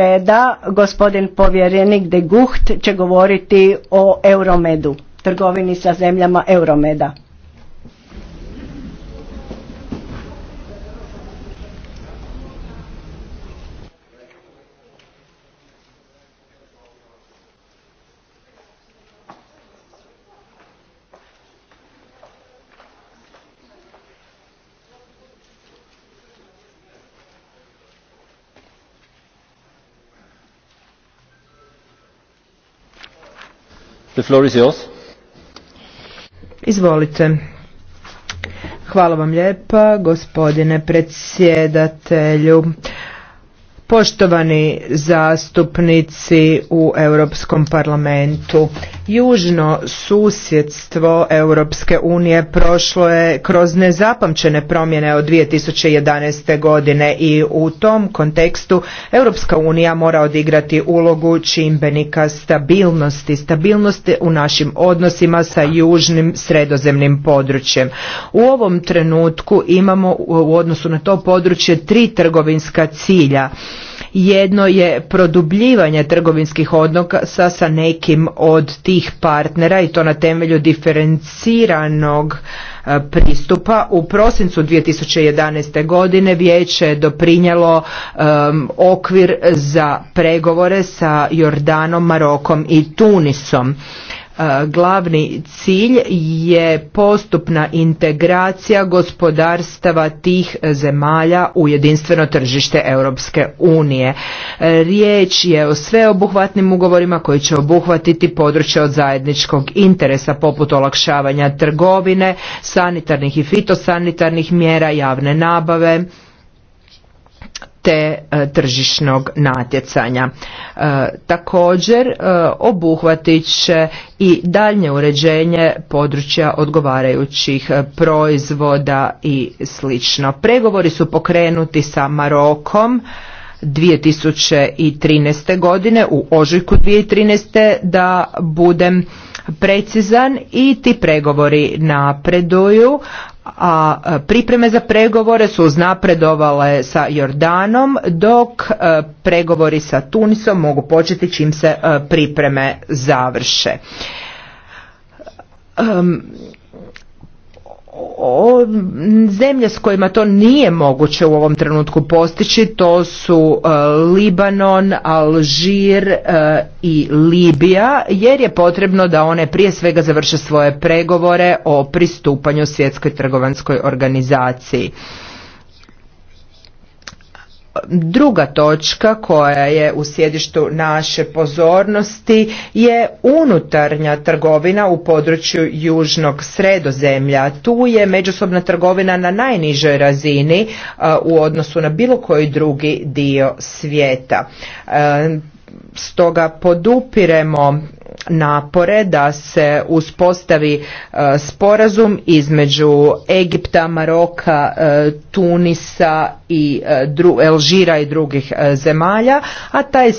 reda gospodin povjerenik de Gucht će govoriti o Euromedu, trgovini sa zemljama Euromeda. Izvolite. Hvala vam lijepa, gospodine predsjedatelju. Poštovani zastupnici u Europskom parlamentu, južno susjedstvo Europske unije prošlo je kroz nezapamćene promjene od 2011. godine i u tom kontekstu Europska unija mora odigrati ulogu čimbenika stabilnosti, stabilnosti u našim odnosima sa južnim sredozemnim područjem. U ovom trenutku imamo u odnosu na to područje tri trgovinska cilja jedno je produbljivanje trgovinskih odnosa sa nekim od tih partnera i to na temelju diferenciranog e, pristupa. U prosincu 2011. godine vijeće je doprinjalo okvir za pregovore sa Jordanom, Marokom i Tunisom. E, glavni cilj je postupna integracija gospodarstava tih zemalja u jedinstveno tržište Europske unije. E, riječ je o sveobuhvatnim ugovorima koji će obuhvatiti područje od zajedničkog interesa poput olakšavanja trgovine, sanitarnih i fitosanitarnih mjera, javne nabave, te e, tržišnog natjecanja. E, također e, obuhvatit će i daljnje uređenje područja odgovarajućih proizvoda i slično. Pregovori su pokrenuti sa Marokom 2013. godine u ožujku 2013. da budem precizan i ti pregovori napreduju a pripreme za pregovore su uznapredovale sa Jordanom dok e, pregovori sa Tunisom mogu početi čim se e, pripreme završe o, zemlje s kojima to nije moguće u ovom trenutku postići to su e, Libanon, Alžir e, i Libija jer je potrebno da one prije svega završe svoje pregovore o pristupanju svjetskoj trgovanskoj organizaciji. Druga točka koja je u sjedištu naše pozornosti je unutarnja trgovina u području južnog sredozemlja. Tu je međusobna trgovina na najnižoj razini e, u odnosu na bilo koji drugi dio svijeta. E, stoga podupiremo napore da se uspostavi e, sporazum između Egipta, Maroka, e, Tunisa i Elžira i drugih e, zemalja, a taj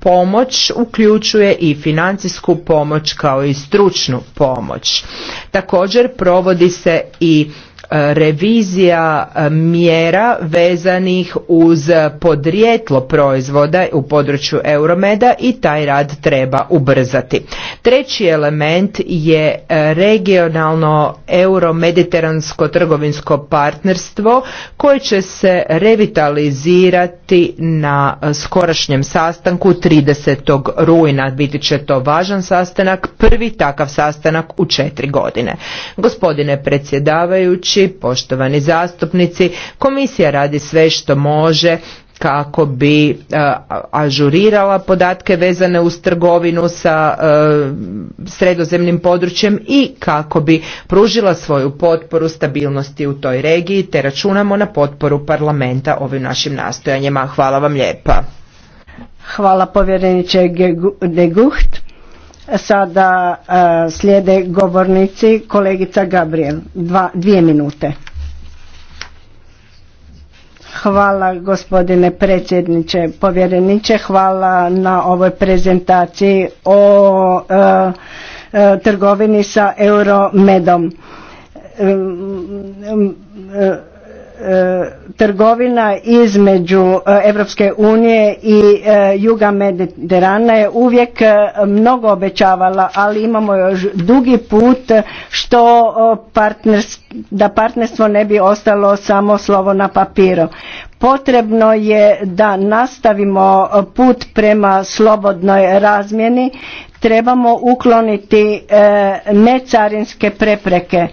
pomoć uključuje i financijsku pomoć kao i stručnu pomoć. Također provodi se i revizija e, mjera vezanih uz podrijetlo proizvoda u području Euromeda i taj rad treba ubrzati. Treći element je e, regionalno euromediteransko trgovinsko partnerstvo koje će se revitalizirati na e, skorašnjem sastanku 30. rujna. Biti će to važan sastanak, prvi takav sastanak u četiri godine. Gospodine predsjedavajući, poštovani zastupnici. Komisija radi sve što može kako bi e, ažurirala podatke vezane uz trgovinu sa e, sredozemnim područjem i kako bi pružila svoju potporu stabilnosti u toj regiji te računamo na potporu parlamenta ovim našim nastojanjima. Hvala vam lijepa. Hvala povjereniče Sada e, slijede govornici kolegica Gabriel. Dva, dvije minute. Hvala gospodine predsjedniče, povjereniče, hvala na ovoj prezentaciji o e, e, trgovini sa euromedom. E, trgovina između Europske unije i e, juga Mediterana je uvijek e, mnogo obećavala, ali imamo još dugi put što da partnerstvo ne bi ostalo samo slovo na papiru. Potrebno je da nastavimo put prema slobodnoj razmjeni, trebamo ukloniti necarinske prepreke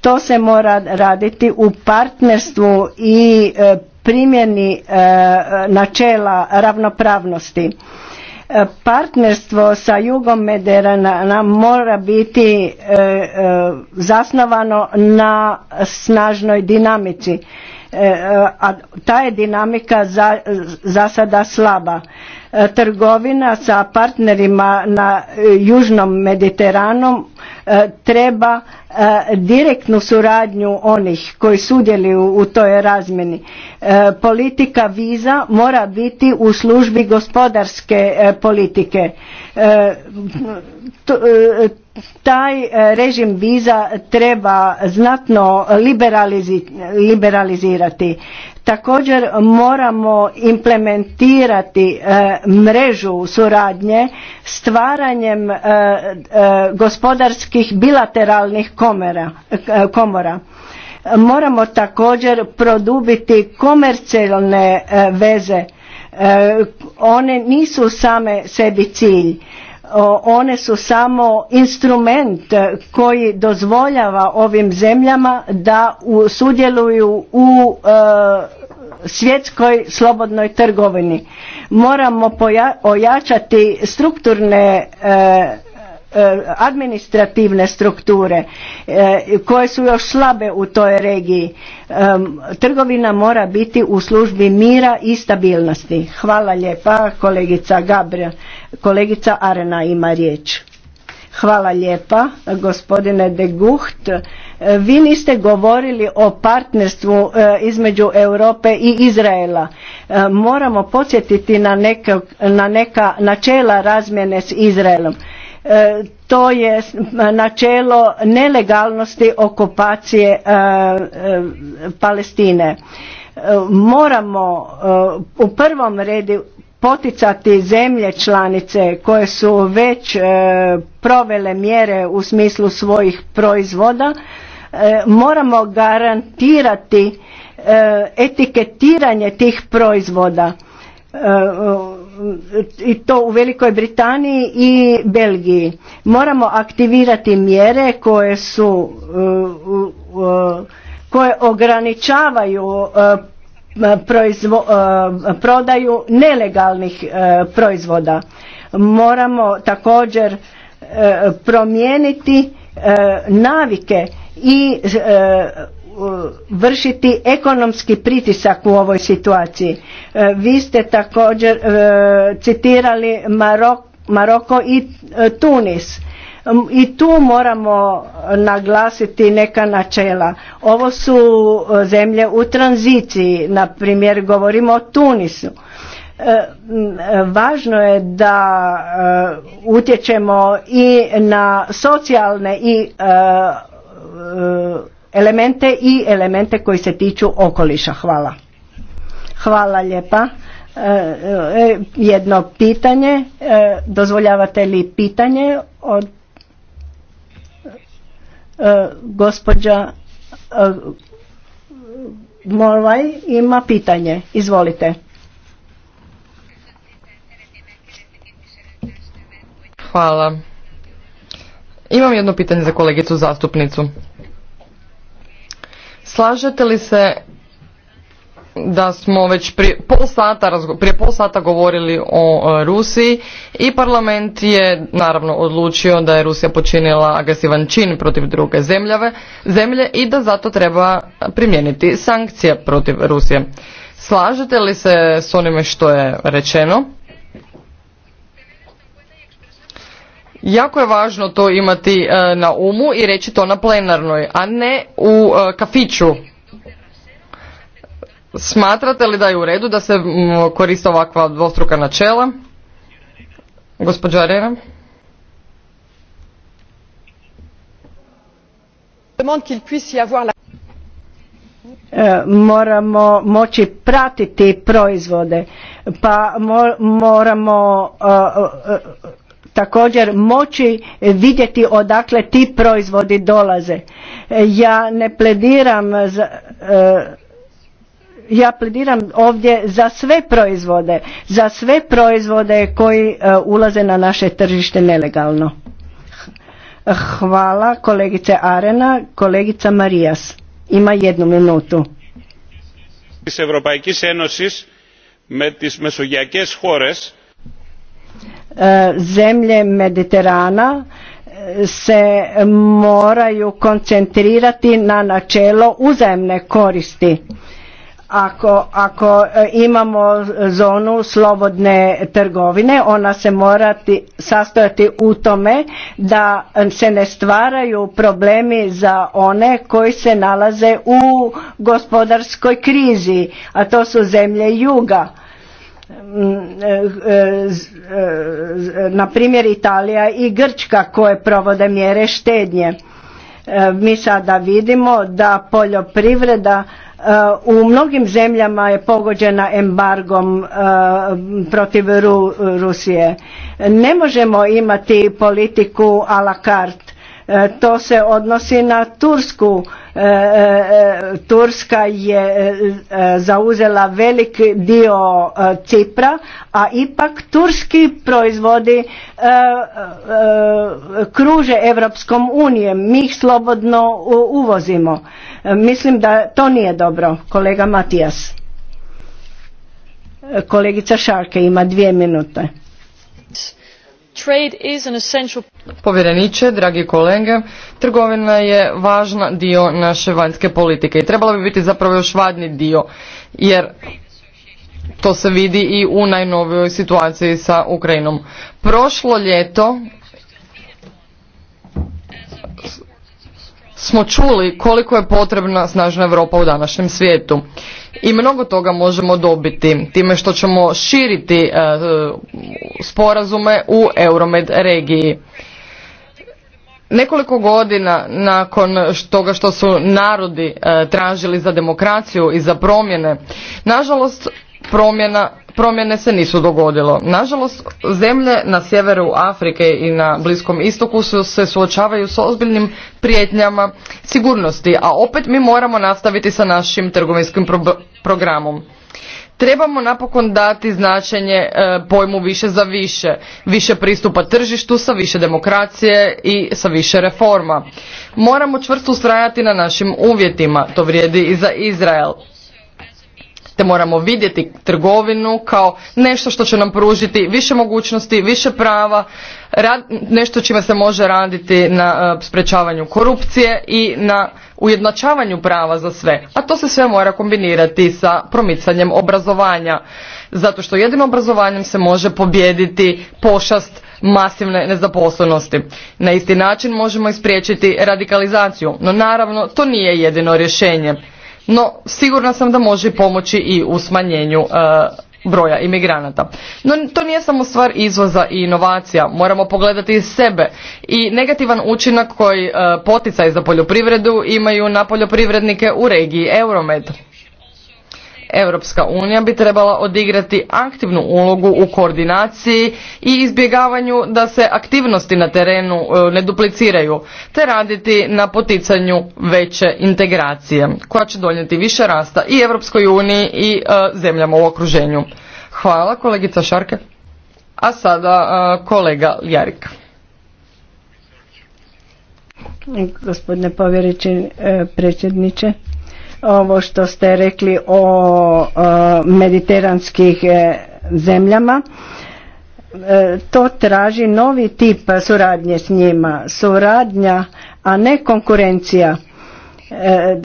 to se mora raditi u partnerstvu i e, primjeni e, načela ravnopravnosti. E, partnerstvo sa jugom Mederana mora biti zasnovano na snažnoj dinamici a ta je dinamika za sada slaba. E, trgovina sa partnerima na e, Južnom Mediteranu e, treba direktnu suradnju onih koji sudjeluju u toj razmjeni. Politika viza mora biti u službi gospodarske politike. Taj režim viza treba znatno liberalizirati. Također moramo implementirati e, mrežu suradnje stvaranjem e, e, gospodarskih bilateralnih komora. Moramo također produbiti komercijalne veze. One nisu same sebi cilj one su samo instrument koji dozvoljava ovim zemljama da sudjeluju u e, svjetskoj slobodnoj trgovini. Moramo ojačati strukturne e, E, administrativne strukture e, koje su još slabe u toj regiji. E, trgovina mora biti u službi mira i stabilnosti. Hvala lijepa kolegica Gabriel. Kolegica Arena ima riječ. Hvala lijepa gospodine de Gucht. Vi niste govorili o partnerstvu između Europe i Izraela. Moramo podsjetiti na, neka, na neka načela razmjene s Izraelom E, to je načelo nelegalnosti okupacije e, e, Palestine. Moramo u prvom redu poticati zemlje članice koje su već provele mjere u smislu svojih proizvoda, moramo garantirati etiketiranje tih proizvoda i to u Velikoj Britaniji i Belgiji. Moramo aktivirati mjere koje su uh, koje ograničavaju uh, uh, prodaju nelegalnih proizvoda. Moramo također promijeniti navike i vršiti ekonomski pritisak u ovoj situaciji. E, vi ste također e, citirali Marok, Maroko i e, Tunis. I tu moramo naglasiti neka načela. Ovo su zemlje u tranziciji, na primjer govorimo o Tunisu. Važno je da utječemo i na socijalne i elemente i elemente koji se tiču okoliša. Hvala. Hvala lijepa. E, e jedno pitanje. E, dozvoljavate li pitanje od e, gospođa Morvaj ima pitanje. Izvolite. Hvala. Imam jedno pitanje za kolegicu zastupnicu. Slažete li se da smo već prije pol sata, prije pol sata govorili o e, Rusiji i parlament je naravno odlučio da je Rusija počinila agresivan čin protiv druge zemljave, zemlje i da zato treba primijeniti sankcije protiv Rusije. Slažete li se s onime što je rečeno? Jako je važno to imati e, na umu i reći to na plenarnoj, a ne u e, kafiću. Smatrate li da je u redu da se koriste ovakva dvostruka načela? Gospođa Arena. E, moramo moći pratiti proizvode, pa moramo također moći vidjeti odakle ti proizvodi dolaze. E, ja ne plediram za, e, ja plediram ovdje za sve proizvode, za sve proizvode koji e, ulaze na naše tržište nelegalno. Hvala kolegice Arena, kolegica Marijas. Ima jednu minutu. Iz Evropajkih Enosis, me tis μεσογειακές hores, Zemlje Mediterana e, se moraju koncentrirati na načelo uzajemne koristi. Ako, ako e, imamo zonu slobodne trgovine, ona se mora sastojati u tome da se ne stvaraju problemi za one koji se nalaze u gospodarskoj krizi, a to su zemlje juga na primjer Italija i Grčka koje provode mjere štednje. E, mi sada vidimo da poljoprivreda e, u mnogim zemljama je pogođena embargom e, protiv Rusije. Ne možemo imati politiku a la carte E, to se odnosi na Tursku. E, e, Turska je zauzela velik dio Cipra, a ipak turski proizvodi kruže Evropskom unijem. Mi ih slobodno uvozimo. Mislim da to nije dobro, kolega Matijas. Kolegica Šarke ima dvije minute. Povjereniče, dragi kolege, trgovina je važna dio naše vanjske politike i trebala bi biti zapravo još vadni dio, jer to se vidi i u najnovijoj situaciji sa Ukrajinom. Prošlo ljeto smo čuli koliko je potrebna snažna Europa u današnjem svijetu. I mnogo toga možemo dobiti time što ćemo širiti e, sporazume u Euromed regiji. Nekoliko godina nakon toga što su narodi e, tražili za demokraciju i za promjene, nažalost promjena promjene se nisu dogodilo. Nažalost, zemlje na sjeveru Afrike i na Bliskom istoku se suočavaju s ozbiljnim prijetnjama sigurnosti, a opet mi moramo nastaviti sa našim trgovinskim programom. Trebamo napokon dati značenje e, pojmu više za više, više pristupa tržištu sa više demokracije i sa više reforma. Moramo čvrsto ustrajati na našim uvjetima, to vrijedi i za Izrael te moramo vidjeti trgovinu kao nešto što će nam pružiti više mogućnosti, više prava, nešto čime se može raditi na e, sprečavanju korupcije i na ujednačavanju prava za sve. A to se sve mora kombinirati sa promicanjem obrazovanja, zato što jedino obrazovanjem se može pobijediti pošast masivne nezaposlenosti. Na isti način možemo ispriječiti radikalizaciju, no naravno to nije jedino rješenje no sigurna sam da može pomoći i u smanjenju e, broja imigranata. No to nije samo stvar izvoza i inovacija, moramo pogledati i sebe i negativan učinak koji e, poticaj za poljoprivredu imaju na poljoprivrednike u regiji Euromed. Europska unija bi trebala odigrati aktivnu ulogu u koordinaciji i izbjegavanju da se aktivnosti na terenu e, ne dupliciraju, te raditi na poticanju veće integracije koja će donijeti više rasta i Europskoj uniji i e, zemljama u okruženju. Hvala kolegica Šarke. A sada e, kolega Jarik. Gospodine predsjedniče, ovo što ste rekli o e, mediteranskih e, zemljama e, to traži novi tip suradnje s njima suradnja a ne konkurencija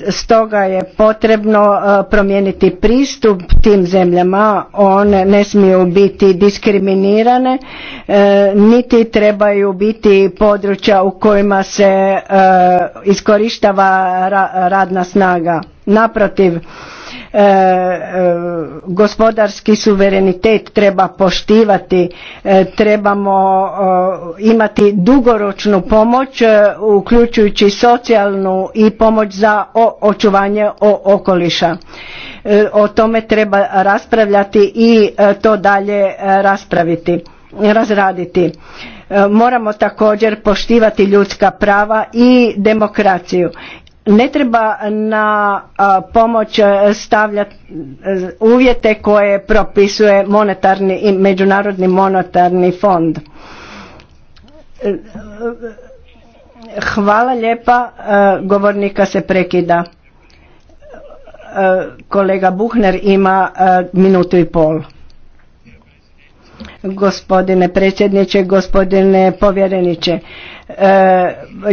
stoga je potrebno promijeniti pristup tim zemljama one ne smiju biti diskriminirane niti trebaju biti područja u kojima se iskorištava radna snaga Naprotiv, e, e, gospodarski suverenitet treba poštivati, e, trebamo imati dugoročnu pomoć uključujući socijalnu i pomoć za očuvanje okoliša. O tome treba raspravljati i to dalje raspraviti, razraditi. Moramo također poštivati ljudska prava i demokraciju ne treba na pomoć e, stavljati e, uvjete koje propisuje monetarni i međunarodni monetarni fond. E, hvala lijepa, govornika se prekida. Kolega Buchner ima minutu i pol gospodine predsjedniče, gospodine povjereniče. E,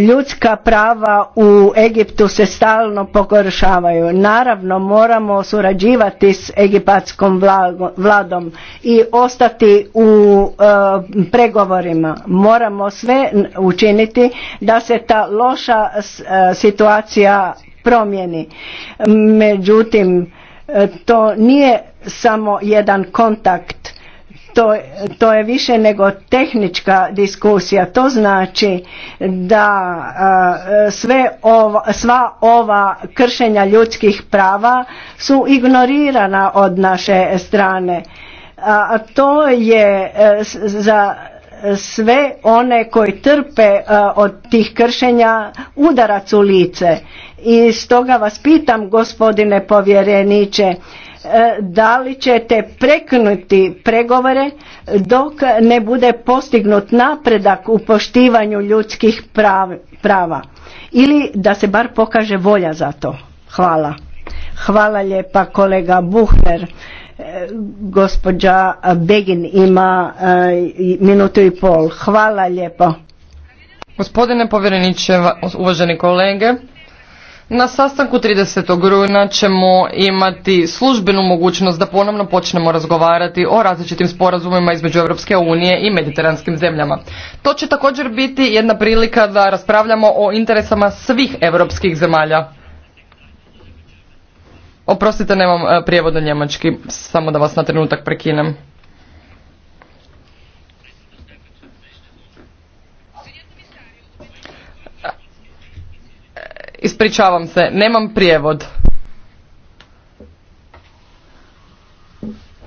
ljudska prava u Egiptu se stalno pogoršavaju. Naravno moramo surađivati s egipatskom vladom i ostati u e, pregovorima. Moramo sve učiniti da se ta loša e, situacija promijeni. Međutim, to nije samo jedan kontakt to, to je više nego tehnička diskusija. To znači da sve sva ova kršenja ljudskih prava su ignorirana od naše strane. A to je e, za sve one koji trpe e, od tih kršenja udarac u lice. I stoga vas pitam gospodine povjereniče E, da li ćete preknuti pregovore dok ne bude postignut napredak u poštivanju ljudskih prava ili da se bar pokaže volja za to. Hvala. Hvala lijepa kolega Buhner. E, gospođa Begin ima e, minutu i pol. Hvala lijepa. Gospodine povjereniče, uvaženi kolege, na sastanku 30. rujna ćemo imati službenu mogućnost da ponovno počnemo razgovarati o različitim sporazumima između Europske unije i mediteranskim zemljama. To će također biti jedna prilika da raspravljamo o interesama svih europskih zemalja. Oprostite, nemam e, prijevod na njemački, samo da vas na trenutak prekinem. Ispričavam se, nemam prijevod.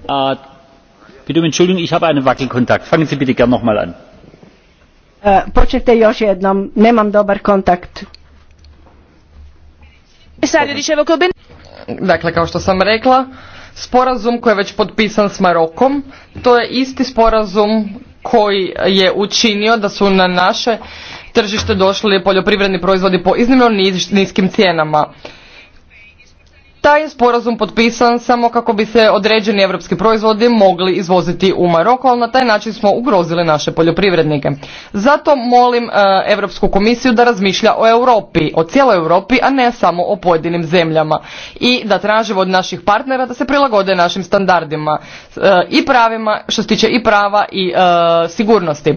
A, äh, bitte um Entschuldigung, ich habe einen Wackelkontakt. Fangen Sie bitte gern an. Äh, počete još jednom, nemam dobar kontakt. Dakle, kao što sam rekla, sporazum koji je već potpisan s Marokom, to je isti sporazum koji je učinio da su na naše tržište došli poljoprivredni proizvodi po iznimno niskim cijenama. Taj je sporazum potpisan samo kako bi se određeni europski proizvodi mogli izvoziti u Maroko, ali na taj način smo ugrozili naše poljoprivrednike. Zato molim Europsku komisiju da razmišlja o Europi, o cijeloj Europi, a ne samo o pojedinim zemljama i da tražimo od naših partnera da se prilagode našim standardima e, i pravima, što se tiče i prava i e, sigurnosti.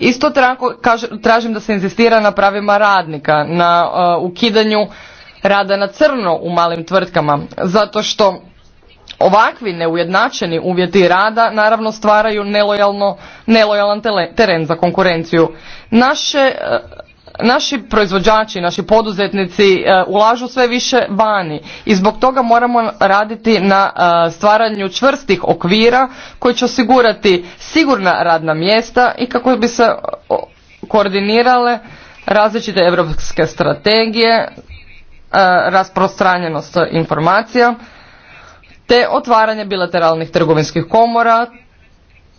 Isto tako tražim da se inzistira na pravima radnika, na uh, ukidanju rada na crno u malim tvrtkama, zato što ovakvi neujednačeni uvjeti rada naravno stvaraju nelojalno, nelojalan teren za konkurenciju. Naše uh, naši proizvođači, naši poduzetnici e, ulažu sve više vani i zbog toga moramo raditi na e, stvaranju čvrstih okvira koji će osigurati sigurna radna mjesta i kako bi se koordinirale različite europske strategije, e, rasprostranjenost informacija, te otvaranje bilateralnih trgovinskih komora,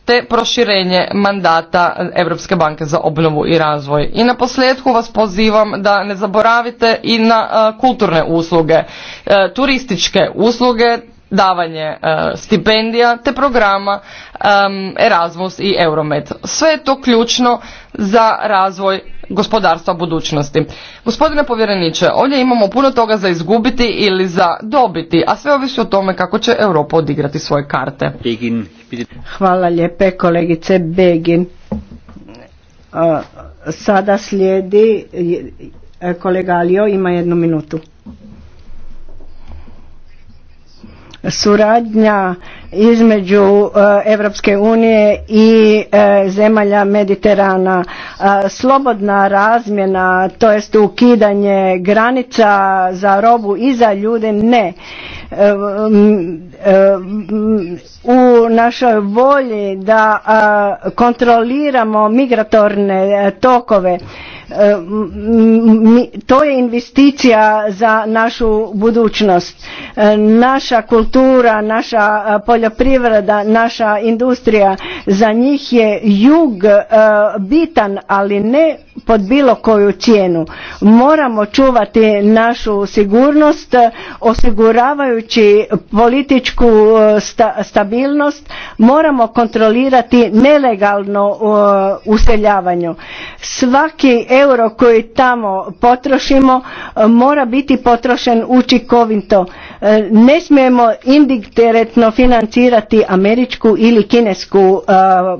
te proširenje mandata Europske banke za obnovu i razvoj. I na posljedku vas pozivam da ne zaboravite i na e, kulturne usluge, e, turističke usluge davanje e, stipendija te programa Erasmus i Euromed. Sve je to ključno za razvoj gospodarstva budućnosti. Gospodine povjereniče, ovdje imamo puno toga za izgubiti ili za dobiti, a sve ovisi o tome kako će Europa odigrati svoje karte. Hvala lijepe kolegice Begin. Sada slijedi kolega Alio, ima jednu minutu. Suradnja između Europske unije i e, zemalja Mediterana, e, slobodna razmjena, to jest ukidanje granica za robu i za ljude, ne. E, u našoj volji da kontroliramo migratorne tokove, E, to je investicija za našu budućnost e, naša kultura naša e, poljoprivreda naša industrija za njih je jug bitan ali ne pod bilo koju cijenu moramo čuvati našu sigurnost osiguravajući političku stabilnost moramo kontrolirati nelegalno useljavanje. svaki euro koji tamo potrošimo e, mora biti potrošen učinkovito. E, ne smijemo indikteretno financirati američku ili kinesku e,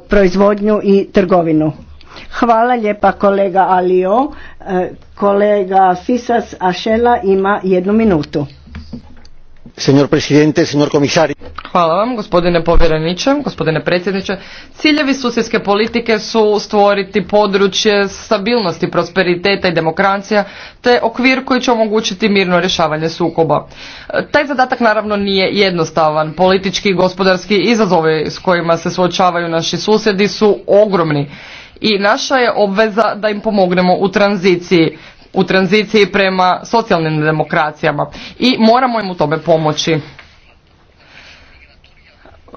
proizvodnju i trgovinu. Hvala lijepa kolega Alio. Kolega Fisas Ašela ima jednu minutu. Senor presidente, senor komisari. Hvala vam, gospodine povjereniče, gospodine predsjedniče. Ciljevi susjedske politike su stvoriti područje stabilnosti, prosperiteta i demokracija, te okvir koji će omogućiti mirno rješavanje sukoba. Taj zadatak naravno nije jednostavan. Politički i gospodarski izazovi s kojima se suočavaju naši susjedi su ogromni. I naša je obveza da im pomognemo u tranziciji, u tranziciji prema socijalnim demokracijama i moramo im u tome pomoći.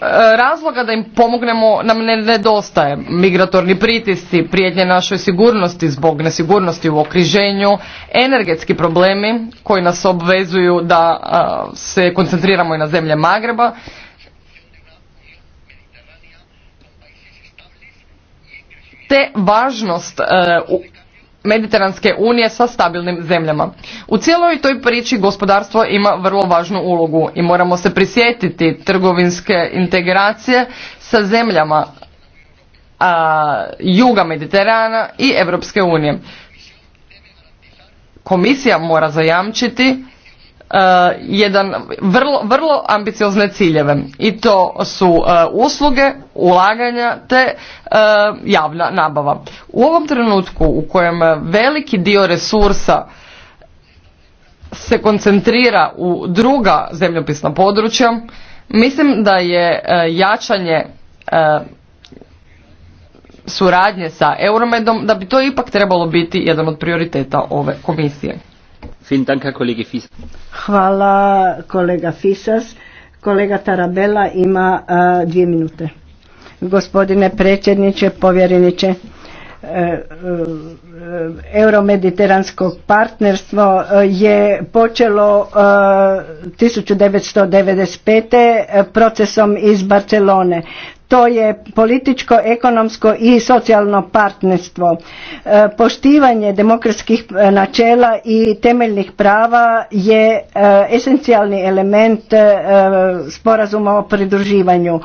E, razloga da im pomognemo nam ne nedostaje. Migratorni pritisci, prijetnje našoj sigurnosti zbog nesigurnosti u okriženju, energetski problemi koji nas obvezuju da e, se koncentriramo i na zemlje Magreba, te važnost e, Mediteranske unije sa stabilnim zemljama. U cijeloj toj priči gospodarstvo ima vrlo važnu ulogu i moramo se prisjetiti trgovinske integracije sa zemljama a, juga Mediterana i Europske unije. Komisija mora zajamčiti E, jedan vrlo, vrlo ambiciozne ciljeve i to su e, usluge, ulaganja te e, javna nabava. U ovom trenutku u kojem veliki dio resursa se koncentrira u druga zemljopisna područja, mislim da je jačanje suradnje sa Euromedom, da bi to ipak trebalo biti jedan od prioriteta ove komisije. Hvala kolega Fisas. Kolega Tarabela ima dvije minute. Gospodine predsjedniče, povjereniče, e, e, Euromediteransko partnerstvo e, je počelo 1995. procesom iz Barcelone to je političko, ekonomsko i socijalno partnerstvo. E, poštivanje demokratskih e, načela i temeljnih prava je e, esencijalni element sporazuma o pridruživanju.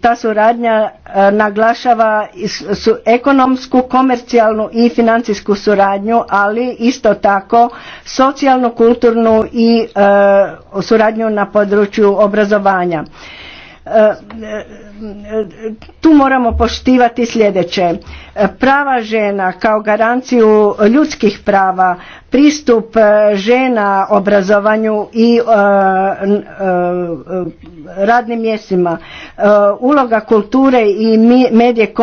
ta suradnja naglašava ekonomsku, komercijalnu i financijsku suradnju, ali isto tako socijalnu, kulturnu i suradnju na području obrazovanja tu moramo poštivati sljedeće. Prava žena kao garanciju ljudskih prava, pristup e, žena obrazovanju i e, e, radnim mjestima, uloga kulture i medije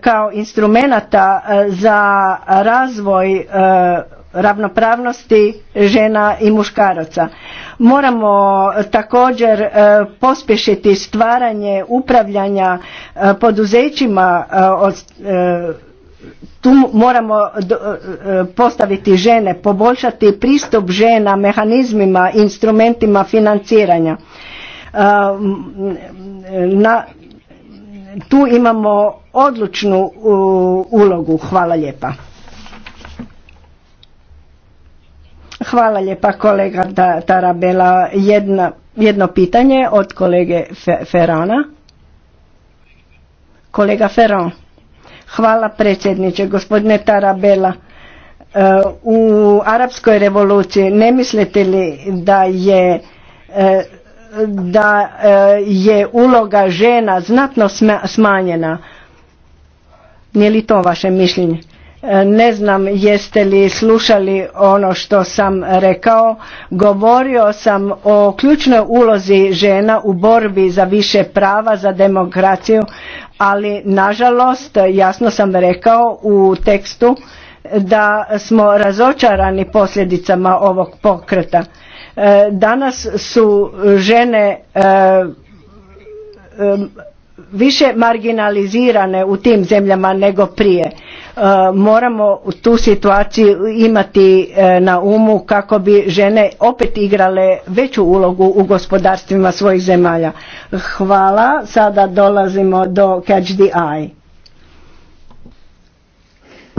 kao instrumenata za razvoj ravnopravnosti žena i muškaraca. Moramo eh, također eh, pospješiti stvaranje upravljanja eh, poduzećima od tu moramo postaviti žene, poboljšati pristup žena mehanizmima, instrumentima financiranja. Na, tu imamo odlučnu ulogu. Hvala lijepa. Hvala lijepa kolega Tarabela. jedno pitanje od kolege Ferana. Kolega Ferran. Hvala predsjedniče. Gospodine Tarabela, eh, u arapskoj revoluciji ne mislite li da je eh, da eh, je uloga žena znatno smanjena? Nije li to vaše mišljenje? E, ne znam jeste li slušali ono što sam rekao. Govorio sam o ključnoj ulozi žena u borbi za više prava, za demokraciju, ali nažalost jasno sam rekao u tekstu da smo razočarani posljedicama ovog pokreta. E, danas su žene e, više marginalizirane u tim zemljama nego prije E, moramo tu situaciju imati e, na umu kako bi žene opet igrale veću ulogu u gospodarstvima svojih zemalja. Hvala, sada dolazimo do Catch the Eye.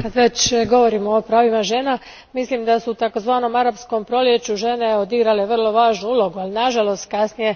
Kad već govorimo o pravima žena, mislim da su u takozvanom arapskom proljeću žene odigrale vrlo važnu ulogu, ali nažalost kasnije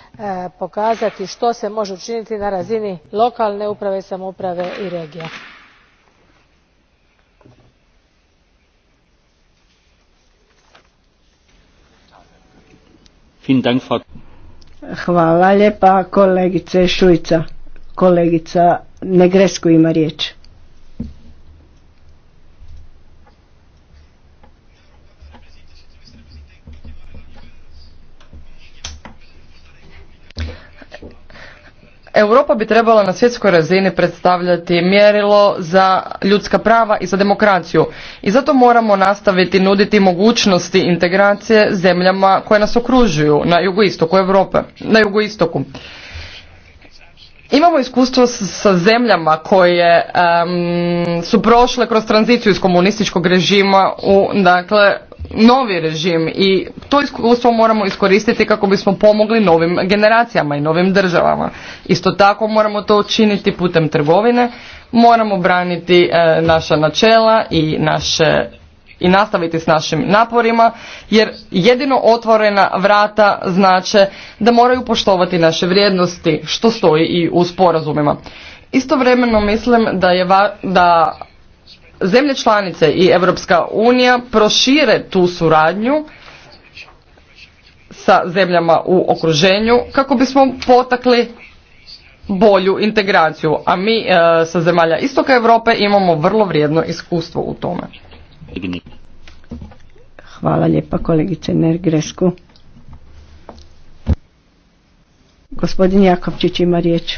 E, pokazati što se može učiniti na razini lokalne uprave i samouprave i regija. Hvala kolegice Šuica. Kolegica Negresko ima riječ. Europa bi trebala na svjetskoj razini predstavljati mjerilo za ljudska prava i za demokraciju i zato moramo nastaviti nuditi mogućnosti integracije zemljama koje nas okružuju na jugoistoku Europe, na jugoistoku. Imamo iskustvo sa zemljama koje su prošle kroz tranziciju iz komunističkog režima u dakle novi režim i to iskustvo moramo iskoristiti kako bismo pomogli novim generacijama i novim državama. Isto tako moramo to učiniti putem trgovine, moramo braniti e, naša načela i naše i nastaviti s našim naporima jer jedino otvorena vrata znače da moraju poštovati naše vrijednosti što stoji i u sporazumima. Istovremeno mislim da je va, da zemlje članice i Europska unija prošire tu suradnju sa zemljama u okruženju kako bismo potakli bolju integraciju, a mi e, sa zemalja istoka Europe imamo vrlo vrijedno iskustvo u tome. Hvala lijepa kolegice Nergresku. Gospodin Jakovčić ima riječ.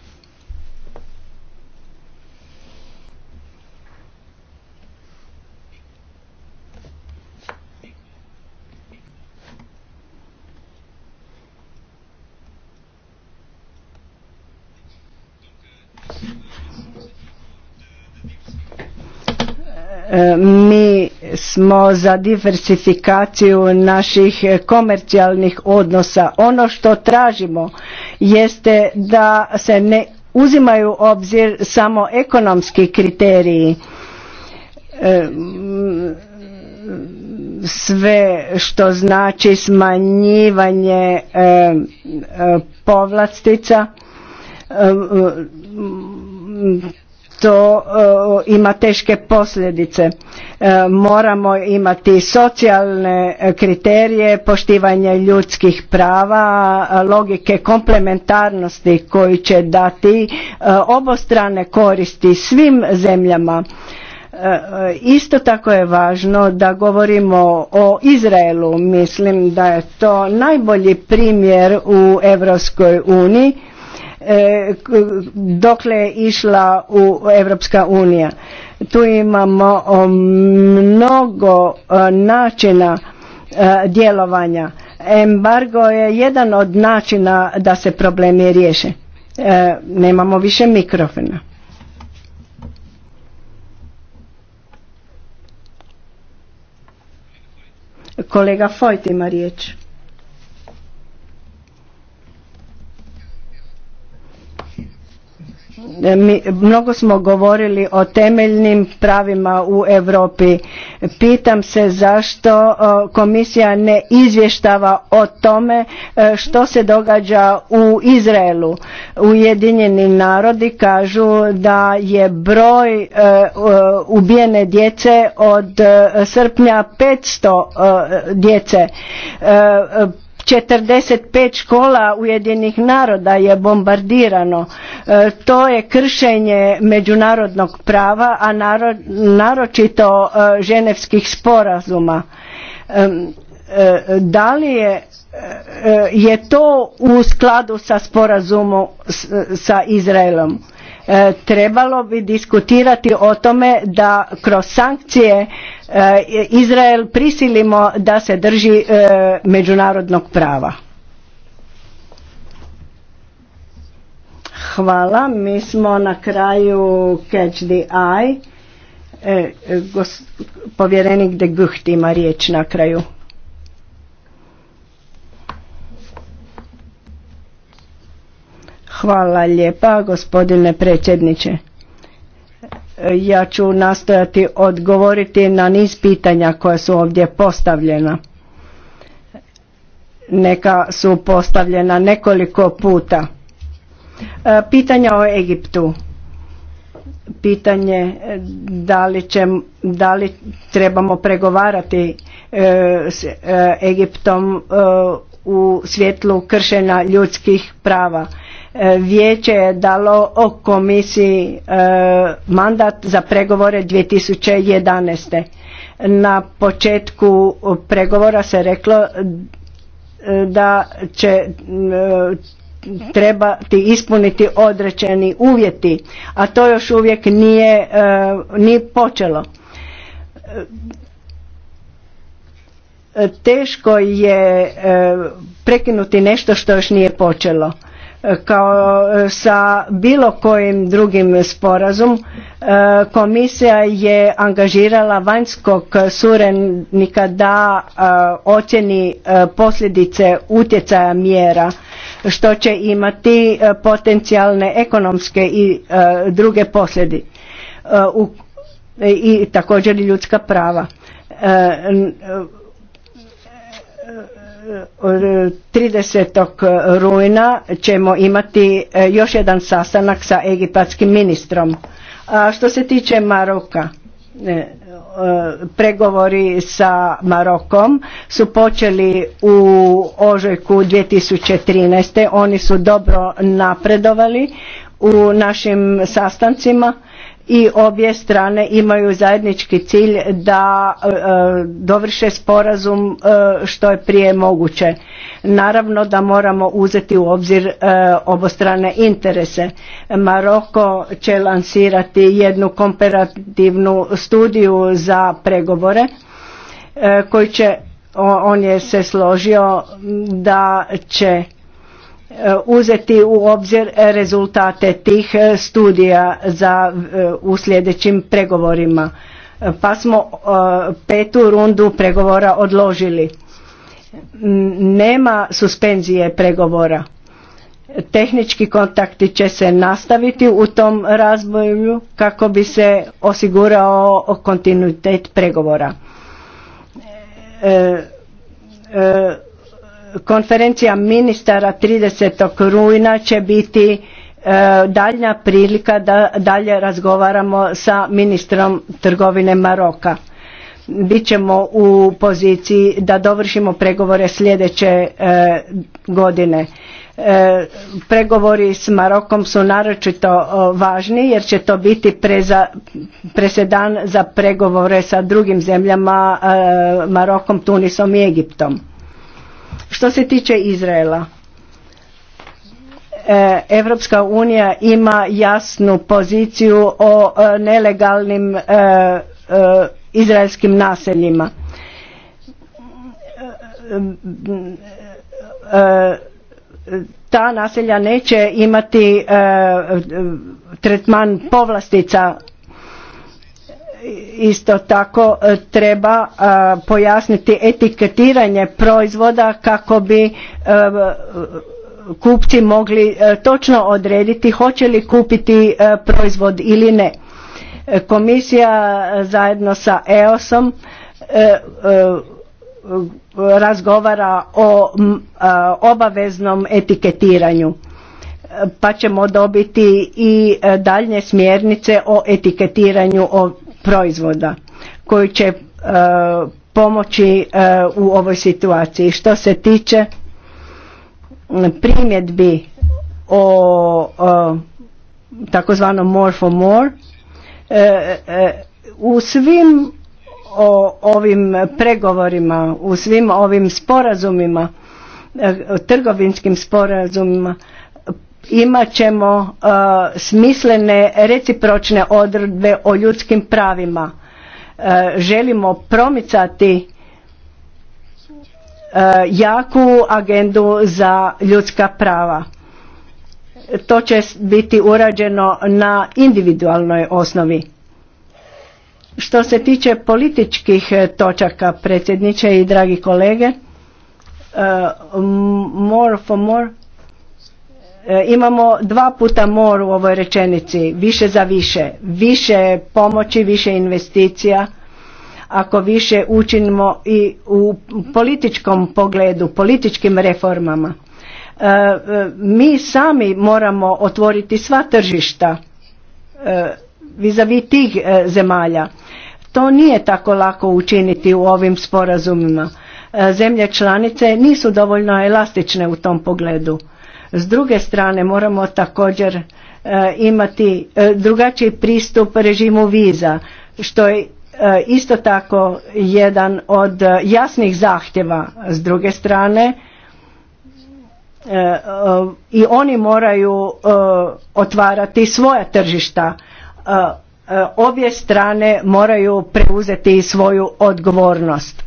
E, mi smo za diversifikaciju naših komercijalnih odnosa. Ono što tražimo jeste da se ne uzimaju u obzir samo ekonomski kriteriji. E, sve što znači smanjivanje e, povlastica to e, ima teške posljedice. E, moramo imati socijalne e, kriterije, poštivanje ljudskih prava, logike komplementarnosti koji će dati obostrane koristi svim zemljama. Isto tako je važno da govorimo o Izraelu, mislim da je to najbolji primjer u Europskoj uniji E, dokle je išla u Evropska unija. Tu imamo mnogo e, načina e, djelovanja. Embargo je jedan od načina da se problemi riješe. Nemamo više mikrofona. Kolega Fojt ima riječ. E, mnogo smo govorili o temeljnim pravima u Europi. Pitam se zašto e, komisija ne izvještava o tome e, što se događa u Izraelu. Ujedinjeni narodi kažu da je broj ubijene djece od srpnja 500 djece 45 škola Ujedinih naroda je bombardirano. E, to je kršenje međunarodnog prava, a naročito e, ženevskih sporazuma. E, da li je, je to u skladu sa sporazumom sa Izraelom? E, trebalo bi diskutirati o tome da kroz sankcije e, Izrael prisilimo da se drži e, međunarodnog prava. Hvala, mi smo na kraju Catch the Eye. Povjerenik de Gucht ima riječ na kraju. Hvala lijepa gospodine predsjedniče. Ja ću nastojati odgovoriti na niz pitanja koja su ovdje postavljena. Neka su postavljena nekoliko puta. E, pitanja o Egiptu. Pitanje e, da li, će, da li trebamo pregovarati e, s Egiptom u svjetlu kršenja ljudskih prava. E, vijeće je dalo o komisiji e, mandat za pregovore 2011. Na početku pregovora se reklo e, da će trebati ispuniti određeni uvjeti, a to još uvijek nije ni počelo E, teško je e, prekinuti nešto što još nije počelo e, kao sa bilo kojim drugim sporazum komisija je angažirala vanjskog suradnika da ocjeni posljedice utjecaja mjera što će imati potencijalne ekonomske i druge posljedice i također ljudska prava 30. rujna ćemo imati e, još jedan sastanak sa egipatskim ministrom. A što se tiče Maroka, e, pregovori sa Marokom su počeli u ožujku 2013. Oni su dobro napredovali u našim sastancima i obje strane imaju zajednički cilj da e, e, dovrše sporazum e, što je prije moguće. Naravno da moramo uzeti u obzir obostrane interese. Maroko će lansirati jednu komperativnu studiju za pregovore koji će on je se složio da će Eh, uzeti u obzir rezultate tih eh, studija za, eh, u sljedećim pregovorima. Pa smo petu rundu pregovora odložili. Nema suspenzije pregovora. Tehnički kontakti će se nastaviti u tom razvoju kako bi se osigurao kontinuitet pregovora. E, e, Konferencija ministara 30. rujna će biti e, daljnja prilika da dalje razgovaramo sa ministrom trgovine Maroka. Bićemo u poziciji da dovršimo pregovore sljedeće e, godine. E, pregovori s Marokom su naročito važni jer će to biti presedan za pregovore sa drugim zemljama Marokom, Tunisom i Egiptom. Što se tiče Izraela, e, Evropska unija ima jasnu poziciju o e, nelegalnim e, izraelskim naseljima. Ta naselja neće imati tretman povlastica isto tako e, treba e, pojasniti etiketiranje proizvoda kako bi e, kupci mogli točno odrediti hoće li kupiti proizvod ili ne. Komisija zajedno sa EOS-om razgovara o obaveznom etiketiranju pa ćemo dobiti i daljnje smjernice o etiketiranju proizvoda koji će e, pomoći e, u ovoj situaciji. Što se tiče primjedbi o takozvanom more for more, e, u svim ovim pregovorima, u svim ovim sporazumima, trgovinskim sporazumima, imat ćemo e, smislene recipročne odredbe o ljudskim pravima. E, želimo promicati e, jaku agendu za ljudska prava. To će biti urađeno na individualnoj osnovi. Što se tiče političkih točaka, predsjedniče i dragi kolege, more for more, E, imamo dva puta mor u ovoj rečenici, više za više, više pomoći, više investicija, ako više učinimo i u političkom pogledu, političkim reformama. E, e, mi sami moramo otvoriti sva tržišta vizavi tih zemalja. To nije tako lako učiniti u ovim sporazumima. Zemlje članice nisu dovoljno elastične u tom pogledu s druge strane moramo također e, imati e, drugačiji pristup režimu viza, što je e, isto tako jedan od jasnih zahtjeva. S druge strane, i oni moraju otvarati svoja tržišta. Obje strane moraju preuzeti svoju odgovornost.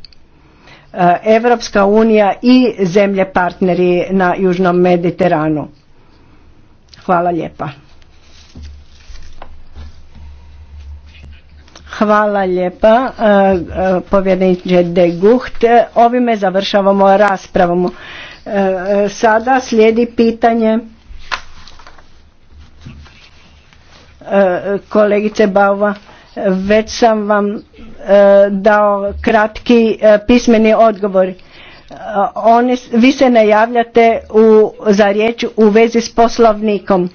Eh, Evropska unija i zemlje partneri na Južnom Mediteranu. Hvala lijepa. Hvala lijepa eh, povjereniče De Gucht. Ovime završavamo raspravom. Eh, sada slijedi pitanje kolegice Bauva. Već sam vam Eh, dao kratki eh, pismeni odgovor. Eh, vi se najavljate u, za riječ u vezi s poslovnikom.